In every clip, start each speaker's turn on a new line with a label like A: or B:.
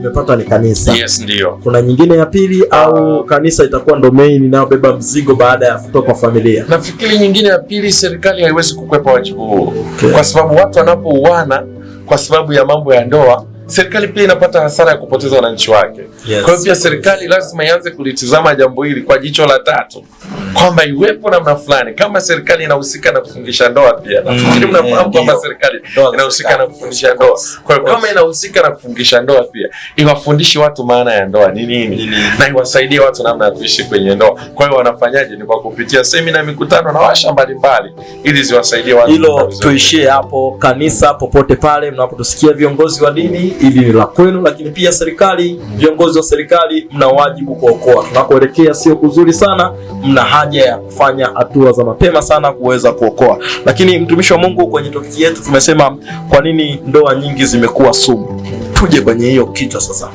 A: imepatwa ni kanisa. Yes, ndio. Kuna nyingine ya pili au ah. kanisa itakuwa ndo main inayobeba mzigo baada ya kutoka kwa familia? Nafikiri nyingine ya pili, serikali haiwezi kukwepa wajibu huo. Okay. Kwa sababu watu wanapouana kwa sababu ya mambo ya ndoa serikali pia inapata hasara ya kupoteza wananchi wake. Yes. Kwa hiyo pia serikali lazima ianze kulitizama jambo hili kwa jicho la tatu mm. kwamba iwepo namna fulani, kama serikali inahusika na kufundisha ndoa pia mm. nafikiri mnafahamu kwamba serikali inahusika na kufundisha ndoa. Kwa hiyo kama inahusika na kufundisha
B: ndoa pia iwafundishi watu maana ya ndoa ni nini na iwasaidie watu namna ya kuishi kwenye ndoa. Kwa hiyo wanafanyaje? Ni kwa kupitia semina, mikutano na washa mbalimbali, ili ziwasaidie watu. Hilo tuishie hapo. Kanisa popote pale mnapotusikia, viongozi wa dini hili ni la kwenu, lakini pia serikali, viongozi wa serikali, mna wajibu kuokoa. Tunakoelekea sio kuzuri sana, mna haja ya kufanya hatua za mapema sana kuweza kuokoa. Lakini mtumishi wa Mungu, kwenye topiki yetu tumesema kwa nini ndoa nyingi zimekuwa sumu. Tuje kwenye hiyo kichwa sasa.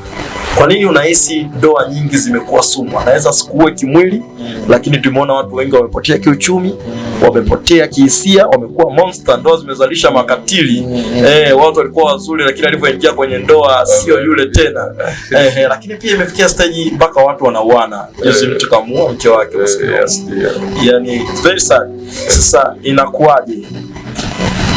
B: Kwa nini unahisi ndoa nyingi zimekuwa sumu? Anaweza sikuwe kimwili mm. lakini tumeona watu wengi wamepotea kiuchumi mm. wamepotea kihisia, wamekuwa monster, ndoa zimezalisha makatili mm. eh, watu walikuwa wazuri, lakini alivyoingia kwenye ndoa sio eh. yule tena eh, eh,
A: lakini pia imefikia stage mpaka watu wanauana. Juzi eh. mtu mke wake, eh, yani very sad. Sasa inakuwaje?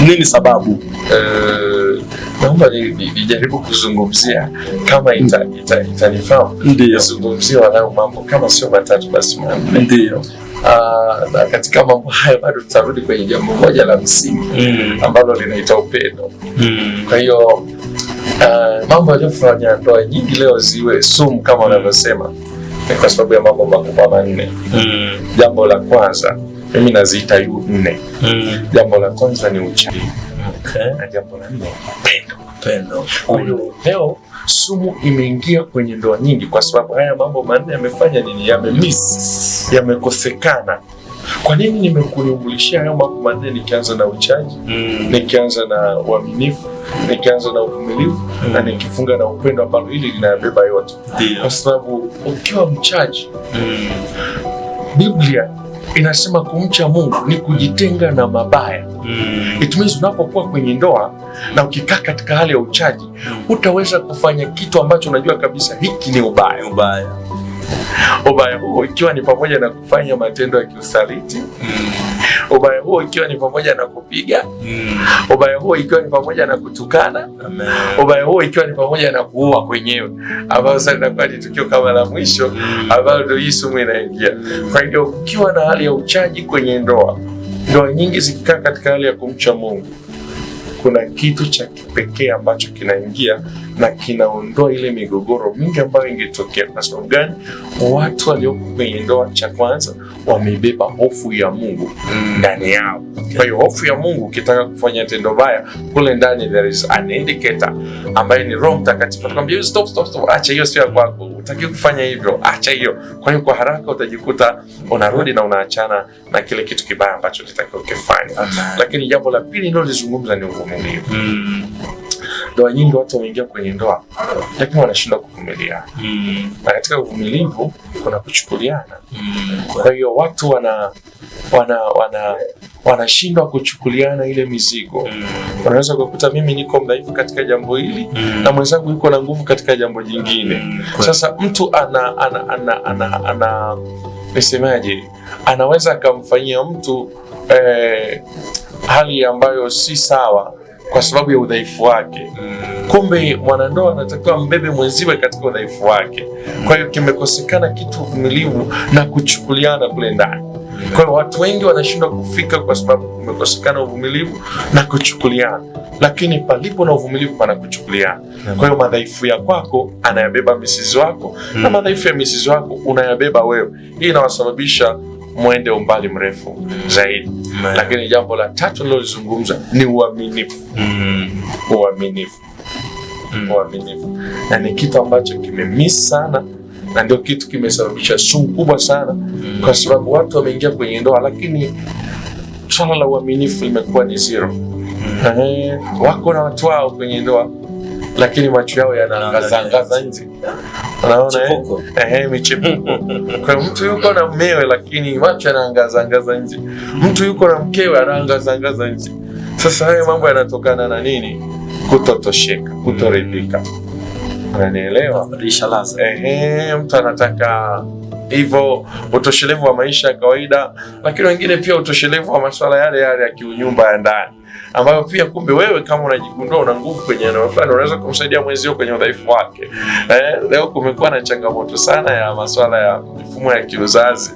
A: Nini sababu? Uh, naomba nijaribu kuzungumzia kama itanifaa ita, ita, zungumzia wanao mambo kama sio matatu basi manne ndio. Uh, na katika mambo hayo bado tutarudi kwenye jambo moja la msingi mm. ambalo linaita upendo mm. kwa hiyo uh, mambo yaliyofanya ndoa nyingi leo ziwe sumu kama wanavyosema mm. ni kwa sababu ya mambo makubwa manne mm. jambo la kwanza mimi naziita yu nne. Mm. Jambo la kwanza ni uchawi. Okay. Na jambo la nne pendo. Pendo. Kwa mm. leo sumu imeingia kwenye ndoa nyingi, kwa sababu haya mambo manne yamefanya nini, yamemiss, yamekosekana. Kwa nini nimekunumbulishia hayo mambo manne? Nikianza na uchaji mm. nikianza na uaminifu, nikianza na uvumilivu mm. na nikifunga na upendo, ambalo hili linayabeba yote, kwa sababu ukiwa mchaji mm. Biblia inasema kumcha Mungu ni kujitenga na mabaya mm. It means unapokuwa kwenye ndoa na ukikaa katika hali ya uchaji, utaweza kufanya kitu ambacho unajua kabisa hiki ni ubaya, ubaya. Ubaya huo ikiwa ni pamoja na kufanya matendo ya kiusaliti mm. Ubaya huo ikiwa ni pamoja na kupiga mm. Ubaya huo ikiwa ni pamoja na kutukana Amen. Ubaya huo ikiwa ni pamoja na kuua kwenyewe, ambayo sasa linakuwa ni tukio kama la mwisho mm. ambalo ndio hii sumu inaingia. Kwa hiyo ukiwa na hali ya uchaji kwenye ndoa, ndoa nyingi zikikaa katika hali ya kumcha Mungu, kuna kitu cha kipekee ambacho kinaingia na kinaondoa ile migogoro mingi ambayo ingetokea. Kwa sababu gani? Watu walioko kwenye ndoa, cha kwanza, wamebeba hofu ya Mungu ndani yao. Kwa hiyo hofu ya Mungu, ukitaka kufanya tendo baya kule ndani, there is an indicator ambaye ni Roho Mtakatifu atakwambia stop, stop, stop, acha hiyo, sio ya kwako, utakiwa kufanya hivyo, acha hiyo. Kwa hiyo kwa haraka utajikuta unarudi na unaachana na kile kitu kibaya ambacho unatakiwa kufanya. Lakini jambo la pili nilolizungumza ni uvumilivu. Mm ndoa nyingi watu wameingia kwenye ndoa lakini wanashindwa kuvumilia mm. na katika uvumilivu kuna kuchukuliana mm. kwa hiyo watu wana wana wana wanashindwa kuchukuliana ile mizigo mm. Unaweza kukuta mimi niko mdhaifu katika jambo hili mm. na mwenzangu yuko na nguvu katika jambo jingine mm. Sasa mtu ana ana ana ana, ana nisemaje, anaweza akamfanyia mtu eh, hali ambayo si sawa kwa sababu ya udhaifu wake. Mm. Kumbe mwanandoa anatakiwa mbebe mwenziwe katika udhaifu wake. Kwa hiyo kimekosekana kitu uvumilivu na kuchukuliana kule ndani. Kwa hiyo watu wengi wanashindwa kufika kwa sababu kumekosekana uvumilivu na kuchukuliana, lakini palipo na uvumilivu pana kuchukuliana. Mm. Kwa hiyo madhaifu ya kwako anayabeba misizi wako, na mm. madhaifu ya misizi wako unayabeba wewe. Hii inawasababisha mwende umbali mrefu zaidi Lakini jambo la tatu lilozungumza ni uaminifu mm. uaminifu mm. uaminifu, na ni kitu ambacho kimemiss sana na ndio kitu kimesababisha sumu kubwa sana mm. kwa sababu watu wameingia kwenye ndoa, lakini swala la uaminifu limekuwa ni zero mm. Wako na watu wao kwenye ndoa lakini macho yao yanaangazangaza nje, anaona eh, michepuko. Kwa mtu yuko na mmewe, lakini macho yanaangazangaza nje, mtu yuko na mkewe anaangazangaza nje. Sasa haya mambo yanatokana na nini? Kutotosheka, kutoridhika, unanielewa? Ehe, mtu anataka hivyo utoshelevu wa maisha ya kawaida, lakini wengine pia utoshelevu wa masuala yale yale ya kiunyumba ya ndani ambayo pia kumbe wewe kama unajigundua una nguvu kwenye eneo fulani unaweza kumsaidia mwenzio kwenye udhaifu wake. Eh, leo kumekuwa na changamoto sana ya masuala ya mifumo ya kiuzazi,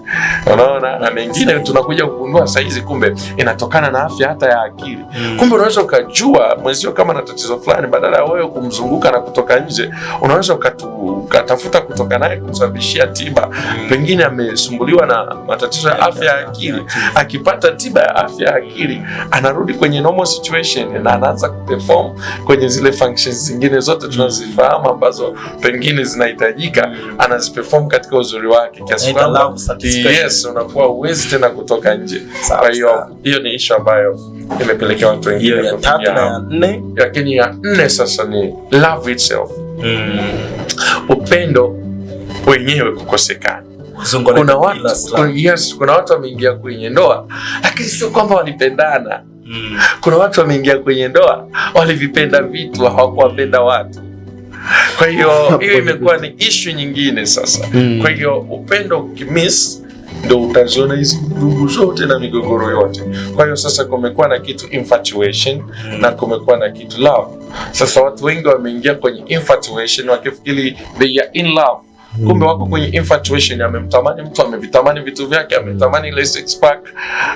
A: unaona, na mengine tunakuja kugundua saa hizi kumbe inatokana na afya hata ya akili. Hmm. Kumbe unaweza ukajua mwenzio kama na tatizo fulani, badala ya wewe kumzunguka na kutoka nje, unaweza ukatafuta kutoka naye kumsababishia tiba. Hmm. Pengine amesumbuliwa na matatizo ya afya ya akili, hmm. akipata tiba ya afya ya akili anarudi kwenye normal situation na anaanza kuperform kwenye zile functions zingine zote tunazifahamu ambazo pengine zinahitajika, anaziperform katika uzuri wake kiasi kwamba yes, unakuwa uwezi tena kutoka nje. Kwa hiyo hiyo ni issue ambayo imepelekea watu wengine ya tatu na ya nne, lakini ya nne sasa ni love itself. Mm. Upendo wenyewe kukosekana. Kuna watu, yes, kuna watu wameingia kwenye ndoa lakini sio kwamba walipendana. Mm. Kuna watu wameingia kwenye ndoa walivipenda vitu hawakuwapenda watu. Kwa hiyo hiyo imekuwa ni ishu nyingine sasa. Mm. Kwa hiyo upendo ukimiss ndo utaziona hizi dugu zote na migogoro yote. Kwa hiyo sasa kumekuwa na kitu infatuation mm. na kumekuwa
B: na kitu love. Sasa watu wengi wameingia kwenye infatuation wakifikiri they are in love kumbe wako hmm. kwenye infatuation, amemtamani mtu, amevitamani vitu vyake, ametamani ile six pack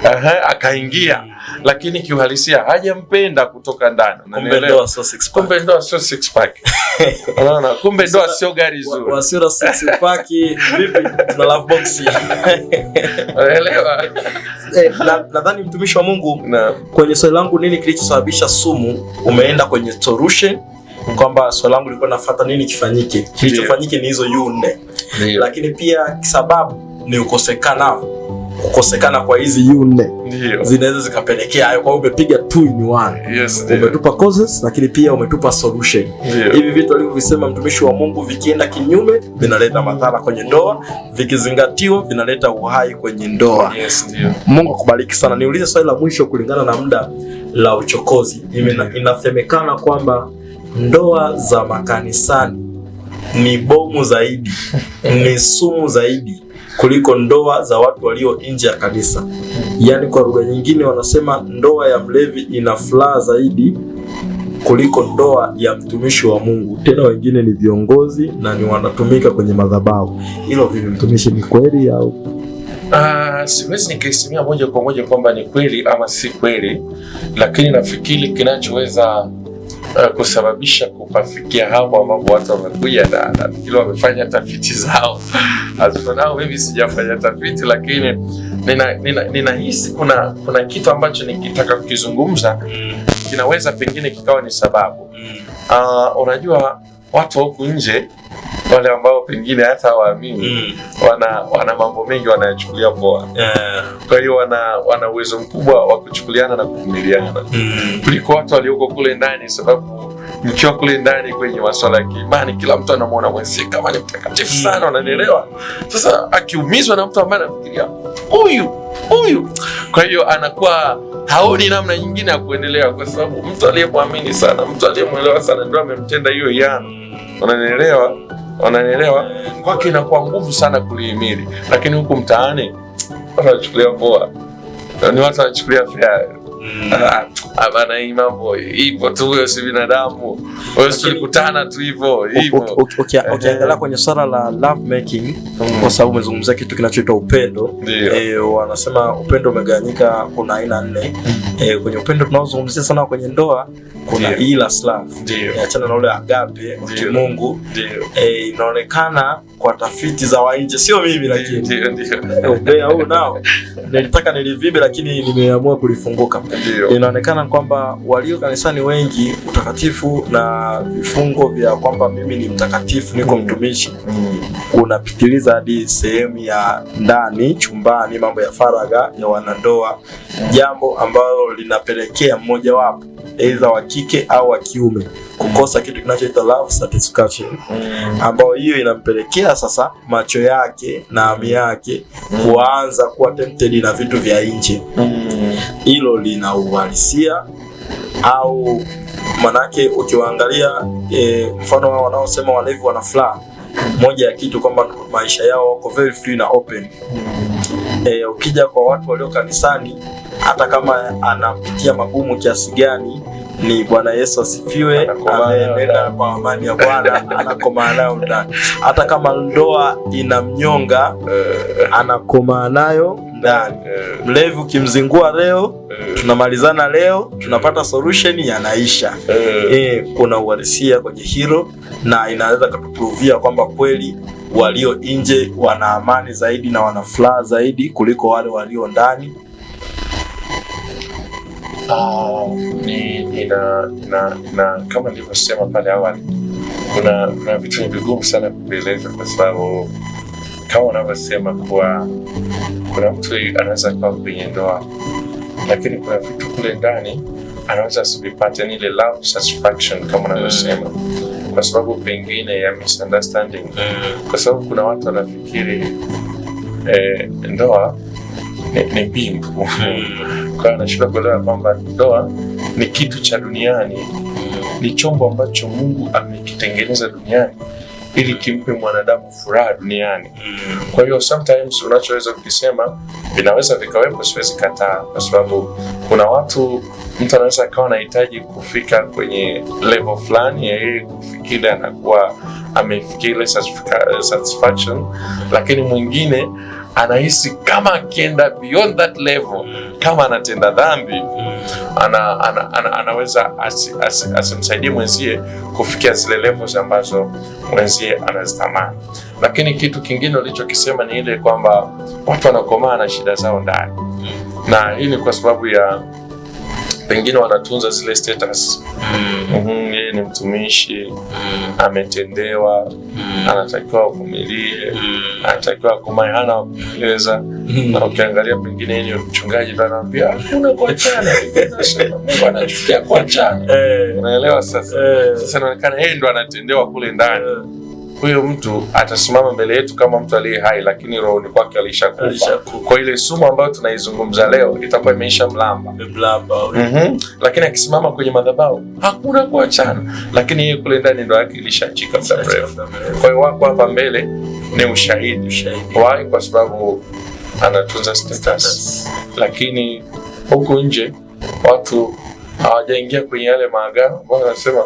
B: uh, akaingia, hmm. lakini kiuhalisia hajampenda kutoka ndani. Unanielewa? Kumbe ndoa sio six pack, unaona? Kumbe ndoa sio gari zuri, wasio na six pack. Vipi tuna love box, unaelewa? Eh, nadhani mtumishi wa Mungu, kwenye swali langu, nini kilichosababisha sumu, umeenda kwenye solution kwamba swali langu lilikuwa nafuata nini kifanyike, kilichofanyike ni hizo yu nne, lakini pia sababu ni ukosekana kukosekana kwa hizi yu nne zinaweza zikapelekea hayo. Kwa hiyo umepiga two in one. Yes, umetupa causes lakini pia umetupa solution. Hivi vitu alivyovisema mtumishi wa Mungu vikienda kinyume vinaleta madhara kwenye ndoa, vikizingatiwa vinaleta uhai kwenye ndoa. Yes, Mungu akubariki sana. Niulize swali la mwisho kulingana na muda la uchokozi. Ina, inasemekana kwamba ndoa za makanisani
A: ni bomu zaidi, ni sumu zaidi kuliko ndoa za watu walio nje ya kanisa. Yaani kwa lugha nyingine wanasema ndoa ya mlevi ina furaha zaidi kuliko ndoa ya mtumishi wa Mungu. Tena wengine ni viongozi na ni wanatumika kwenye madhabahu. Hilo vipi, mtumishi, ni kweli au? Uh, siwezi nikisemia moja kwa moja kwamba ni kweli ama si kweli, lakini nafikiri kinachoweza uh, kusababisha kupafikia hapo ambapo watu wamekuja na nafikiri wamefanya tafiti zao azikonao. Mimi sijafanya tafiti, lakini ninahisi nina, nina kuna, kuna kitu ambacho nikitaka kukizungumza mm. kinaweza pengine kikawa ni sababu. Uh, unajua watu wa huku nje wale ambao pengine hata waamini mm. wana, wana mambo mengi wanayachukulia poa yeah. Kwa hiyo wana wana uwezo mkubwa wa kuchukuliana na kuvumiliana mm. kuliko watu walioko kule ndani, sababu nikiwa kule ndani kwenye masuala ya kiimani, kila mtu anamwona mwenzie kama ni mtakatifu sana, mm. unanielewa? Sasa akiumizwa na mtu ambaye anafikiria huyu huyu kwa hiyo anakuwa haoni namna nyingine
B: ya kuendelea, kwa sababu mtu aliyemwamini sana, mtu aliyemwelewa sana ndio amemtenda hiyo yana, mm. unanielewa? Unanielewa? Kwake inakuwa nguvu sana kulihimili, lakini huku mtaani wanachukulia poa, ni watu wanachukulia fea. Bana, hii mambo ipo tu, wewe si binadamu wewe, tulikutana tu hivyo hivyo. Eh. Ukiangalia kwenye swala la love making, mm. kwa sababu umezungumzia kitu kinachoitwa upendo, eh, wanasema upendo umegawanyika, kuna aina nne. Mm. Eh, kwenye upendo tunaozungumzia sana kwenye ndoa, kuna hii eros love, achana na ule agape wa Kimungu. Inaonekana kwa tafiti za wainje, sio mimi, lakini nilitaka nilivimbe, lakini nimeamua kulifunguka, inaonekana kuonekana kwamba walio kanisani wengi utakatifu na vifungo vya kwamba mimi ni mtakatifu, niko mm. mtumishi mm. unapitiliza hadi sehemu ya ndani chumbani, mambo ya faragha ya wanandoa, mm. jambo ambalo linapelekea mmojawapo, aidha wa kike au wa kiume kukosa kitu kinachoitwa love satisfaction, mm. ambayo hiyo inampelekea sasa macho yake na ami yake mm. kuanza kuwa tempted na vitu vya nje. Mm. Hilo lina uhalisia au manake, ukiwaangalia e, mfano wa wanaosema walevi wana furaha, moja ya kitu kwamba maisha yao wako very free na open. E, ukija kwa watu walio kanisani, hata kama anapitia magumu kiasi gani ni Bwana Yesu asifiwe, ameenda kwa amani ya Bwana anakomaa nayo ndani. Hata kama
A: ndoa inamnyonga, eh. anakomaa nayo ndani. Eh. Mlevi ukimzingua leo, eh. tunamalizana leo, tunapata solution, yanaisha. E, kuna uhalisia kwenye hilo, na inaweza kutuprovia kwamba kweli walio nje wana amani zaidi na wana furaha zaidi kuliko wale walio ndani ina, ina, ina kama nilivyosema pale awali, kuna vitu ni vigumu sana kuvieleza kwa sababu kama unavyosema kuwa kuna mtu anaweza kuwa kwenye ndoa, lakini kuna vitu kule ndani anaweza asivipate, ni ile love satisfaction kama unavyosema mm. kwa sababu pengine ya misunderstanding, mm. kwa sababu kuna watu wanafikiri eh, ndoa ni mbingu kwa anashinda kuelewa kwamba ndoa ni kitu cha duniani, ni chombo ambacho Mungu amekitengeneza duniani ili kimpe mwanadamu furaha duniani. Kwa hiyo sometimes unachoweza kukisema vinaweza vikawepo, siwezi kataa, kwa sababu kuna watu, mtu anaweza akawa anahitaji kufika kwenye level fulani ya yeye kufikiri anakuwa amefikia ile satisfaction, lakini mwingine anahisi kama akienda beyond that level, kama anatenda dhambi ana, ana, ana, anaweza asimsaidie mwenzie kufikia zile levels ambazo mwenzie anazitamani. Lakini kitu kingine ulichokisema ni ile kwamba watu wanakomaa na shida zao ndani, na hii ni kwa sababu ya pengine wanatunza zile status mm. Mm -hmm, yeye ni mtumishi mm. Ametendewa mm. Anatakiwa avumilie mm. Anatakiwa kumai hana kupeleza mm. Na ukiangalia pengine ni mchungaji, anaambia hakuna kuachana, Mungu kuachana, eh. unaelewa? Sasa eh. sasa inaonekana yeye ndo anatendewa kule ndani eh huyo mtu atasimama mbele yetu kama mtu aliye hai, lakini rohoni kwake alishakufa. Kwa ile sumu ambayo tunaizungumza leo itakuwa imeisha mlamba, mlamba mm-hmm. Lakini akisimama kwenye madhabahu hakuna kuachana, lakini yeye kule ndani ndo yake ilishachika muda mrefu. Kwa hiyo wako hapa mbele ni ushahidi ushahidi. kwa sababu anatunza status, lakini huku nje watu hawajaingia kwenye yale maagano ambayo wanasema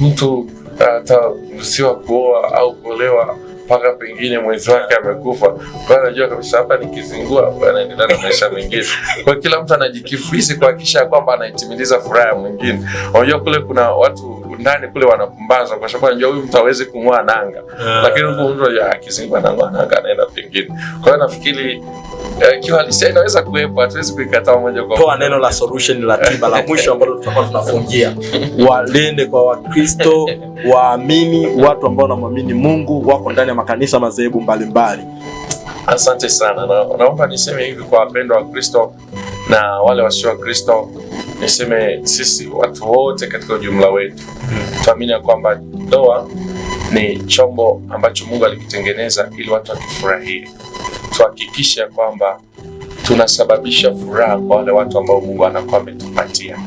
A: mtu ataruhusiwa kuoa au kuolewa mpaka pengine mwenzi
B: wake amekufa, kwa anajua kabisa hapa nikizingua anaendelea na maisha mengine. Kwa kila mtu anajikifisi kuhakikisha kwamba anaitimiliza furaha ya mwingine. Unajua kule kuna watu ndani kule
A: wanapumbaza, kwa sababu anajua huyu mtu hawezi kumng'oa nanga, yeah. lakini huko mtu ya akiziba anang'oa nanga, anaenda pengine. Kwa hiyo nafikiri uh, kiuhalisia inaweza kuwepo, hatuwezi kuikataa moja kwa moja. Toa neno la solution la tiba la mwisho ambalo tutakuwa tunafungia, walende kwa Wakristo waamini, watu ambao wanamwamini Mungu wako ndani ya makanisa madhehebu mbalimbali. Asante sana, naomba niseme hivi kwa wapendwa wa Kristo na wale wasio wa Kristo, niseme sisi watu wote katika ujumla wetu mm. tuamini ya kwamba ndoa ni chombo ambacho Mungu alikitengeneza ili watu wakifurahie. Tuhakikishe kwamba tunasababisha furaha kwa wale watu ambao Mungu anakuwa ametupatia.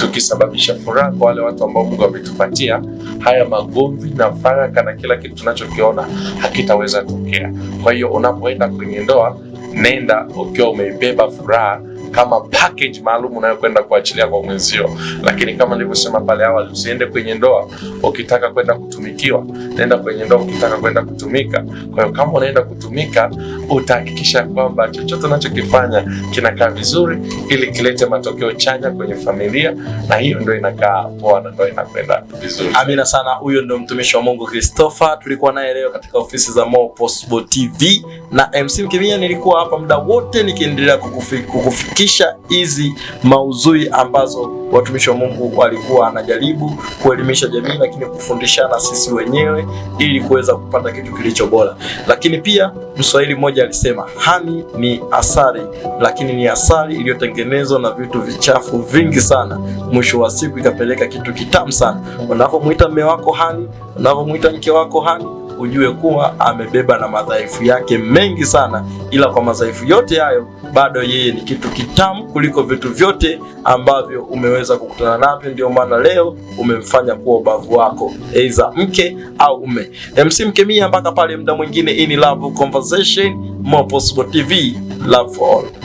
A: Tukisababisha furaha kwa wale watu ambao Mungu ametupatia, haya magomvi na faraka na kila kitu tunachokiona hakitaweza tokea. Kwa hiyo unapoenda kwenye ndoa, nenda ukiwa umebeba furaha kama package
B: maalum unayokwenda kuachilia kwa mwenzio. Lakini kama nilivyosema pale awali, usiende kwenye ndoa ukitaka kwenda kutumikiwa, nenda kwenye ndoa ukitaka kwenda kutumika. Kwa hiyo kama unaenda kutumika, utahakikisha kwamba chochote unachokifanya kinakaa vizuri, ili kilete matokeo chanya kwenye familia, na hiyo ndio inakaa poa na ndio inakwenda vizuri. Amina sana. Huyo ndio mtumishi wa Mungu Christopher, tulikuwa naye leo katika ofisi za Mo Possible TV na MC Mkimia, nilikuwa hapa muda wote nikiendelea kukufikia kukufi kupitisha hizi mauzui ambazo watumishi wa Mungu walikuwa anajaribu kuelimisha jamii, lakini kufundishana sisi wenyewe ili kuweza kupata kitu kilicho bora. Lakini pia Mswahili mmoja alisema hani ni asali, lakini ni asali iliyotengenezwa na vitu vichafu vingi sana, mwisho wa siku ikapeleka kitu kitamu sana. Unavyomuita mume wako hani, unavyomuita mke wako hani ujue kuwa amebeba na madhaifu yake mengi sana, ila kwa madhaifu yote hayo bado yeye ni kitu kitamu kuliko vitu vyote ambavyo umeweza kukutana navyo. Ndio maana leo umemfanya kuwa ubavu wako, aidha mke au ume MC Mkemia, mpaka pale muda mwingine. In love conversation, Possible TV, love for all.